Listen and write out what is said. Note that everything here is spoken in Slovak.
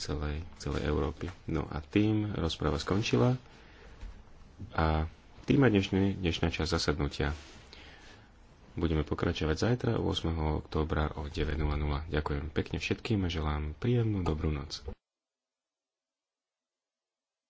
celej, celej Európy. No a tým rozpráva skončila a tým aj dnešný, dnešná časť zasadnutia. Budeme pokračovať zajtra 8. októbra o 9.00. Ďakujem pekne všetkým a želám príjemnú dobrú noc.